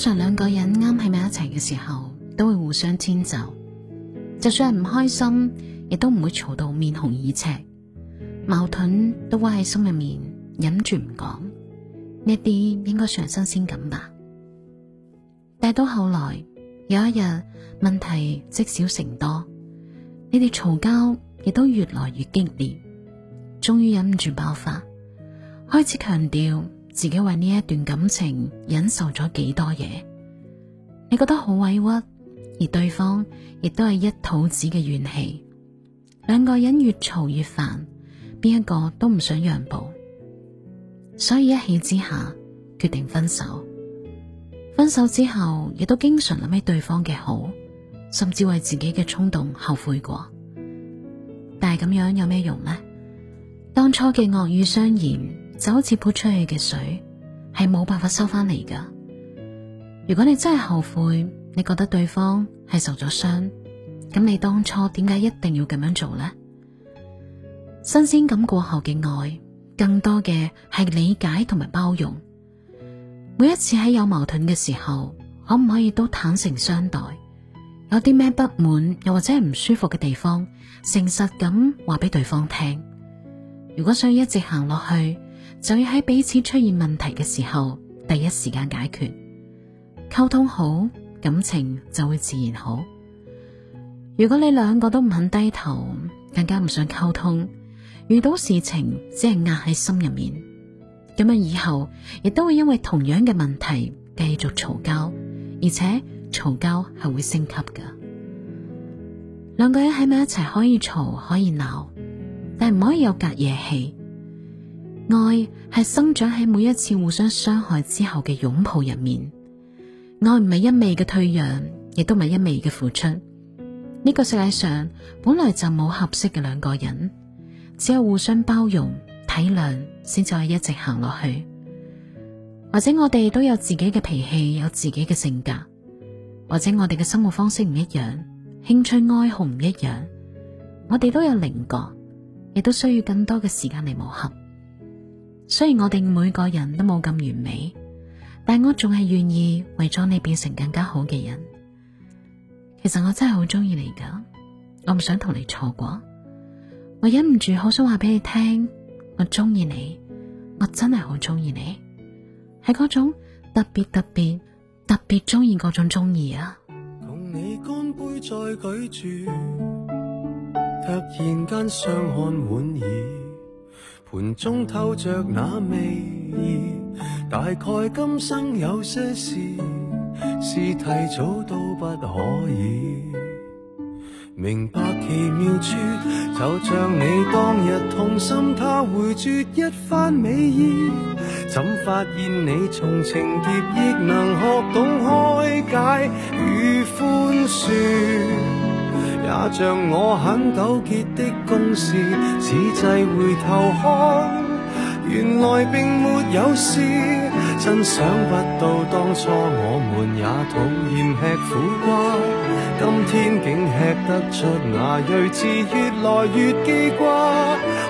通常兩個人啱喺埋一齊嘅時候，都會互相遷就，就算係唔開心，亦都唔會嘈到面紅耳赤，矛盾都屈喺心入面忍住唔講，呢啲應該常新鮮咁吧。但到後來有一日，問題積少成多，你哋嘈交亦都越來越激烈，終於忍唔住爆發，開始強調。自己為呢一段感情忍受咗幾多嘢，你覺得好委屈，而對方亦都係一肚子嘅怨氣，兩個人越嘈越煩，邊一個都唔想讓步，所以一氣之下決定分手。分手之後，亦都經常諗起對方嘅好，甚至為自己嘅衝動後悔過，但係咁樣有咩用呢？當初嘅惡語相言。就好似潑出去嘅水，係冇辦法收翻嚟㗎。如果你真係後悔，你覺得對方係受咗傷，咁你當初點解一定要咁樣做咧？新鮮感過後嘅愛，更多嘅係理解同埋包容。每一次喺有矛盾嘅時候，可唔可以都坦誠相待？有啲咩不滿又或者唔舒服嘅地方，誠實咁話俾對方聽。如果想一直行落去，就要喺彼此出現問題嘅時候，第一時間解決，溝通好，感情就會自然好。如果你兩個都唔肯低頭，更加唔想溝通，遇到事情只係壓喺心入面，咁樣以後亦都會因為同樣嘅問題繼續嘈交，而且嘈交係會升級噶。兩個人喺埋一齊可以嘈可以鬧，但唔可以有隔夜氣。愛係生長喺每一次互相傷害之後嘅擁抱入面。愛唔係一味嘅退讓，亦都唔係一味嘅付出。呢、這個世界上本來就冇合適嘅兩個人，只有互相包容、體諒，先至可以一直行落去。或者我哋都有自己嘅脾氣，有自己嘅性格，或者我哋嘅生活方式唔一樣，興趣愛好唔一樣。我哋都有稜角，亦都需要更多嘅時間嚟磨合。雖然我哋每個人都冇咁完美，但我仲係願意為咗你變成更加好嘅人。其實我真係好中意你噶，我唔想同你錯過。我忍唔住好想話俾你聽，我中意你，我真係好中意你，係嗰種特別特別特別中意嗰種中意啊！同你乾杯再舉住，突然間看滿意，盤中透着那味意，大概今生有些事，是提早都不可以明白奇妙處。就像你當日痛心，他回絕一番美意，怎發現你從情劫亦能學懂開解與寬恕？像我很糾結的公事，此際回頭看，原來並沒有事。真想不到當初我們也討厭吃苦瓜，今天竟吃得出那睿智越來越記掛。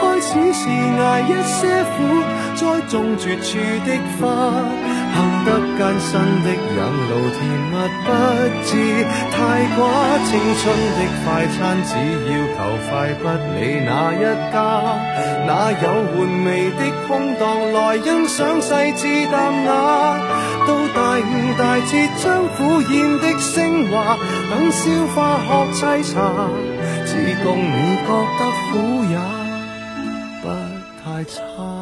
開始時捱一些苦，栽種絕處的花。行得艱辛的引路甜蜜不致太寡；青春的快餐，只要求快，不理哪一家。哪有玩味的空檔來欣賞細緻淡雅？到大悟大徹將虎嚥的升華，等消化學沏茶，至共你覺得苦也不太差。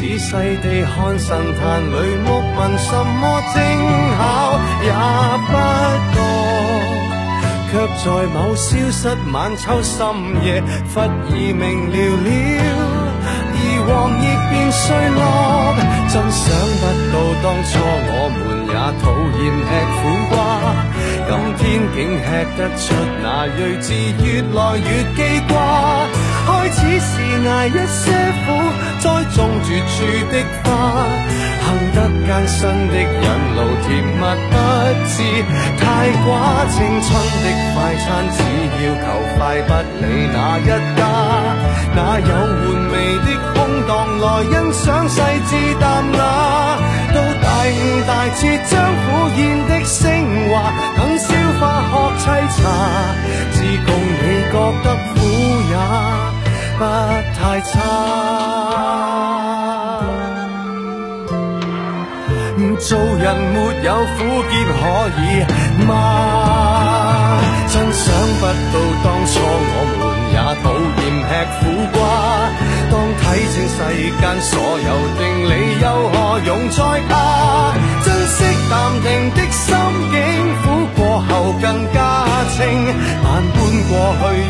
仔細地看神壇裏木紋，問什麼精巧也不覺，卻在某消失晚秋深夜，忽爾明瞭了，而黃葉便碎落。真想不到當初我們也討厭吃苦瓜，今天竟吃得出那睿智，越來越記掛。開始時挨一些苦，栽種絕處的花，行得艱辛的引路，甜蜜不致太寡。青春的快餐只要求快，不理哪一家。哪有回味的空檔來欣賞細緻淡雅，啊？到大悟大徹將苦嚥的升華，等消化學沏茶，只共你覺得。不太差，做人沒有苦澀可以嗎？ 真想不到當初我們也討厭吃苦瓜。 當睇清世間所有定理，又何用再怕？ 珍惜淡定的心境，苦過後更加清。萬般過去。